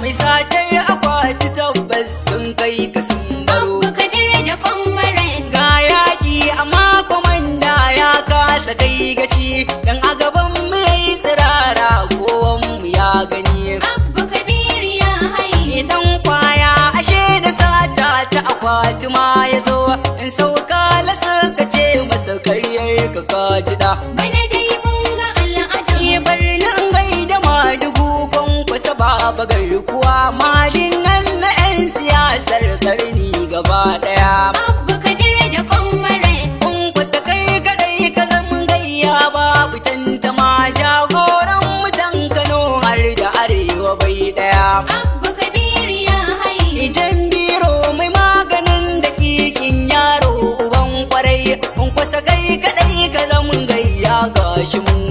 mai satar akwati tabbas sun kai ka sun baro da kwamarin ga yaƙi amma kwamanda ya kasa kai gaci dan a gaban mu yayi tsirara kowan mu ya gani abba kabir ya haye Idan kwaya ashe da sata ta akwati ma ya zo in sauka la suka ce masa karyar ka kaji da bagar kuwa malin nan na 'yan siyasar karni gaba daya. Abu kadir da kwamare. Kun kusa kai kadai ka zama gayya babu tantama jagoran mutan Kano har da arewa bai daya. Abu kabir ya hai. Ijen biro mai maganin da kikin yaro uban kwarai. Kun kusa kai kadai ka zama gayya gashi mun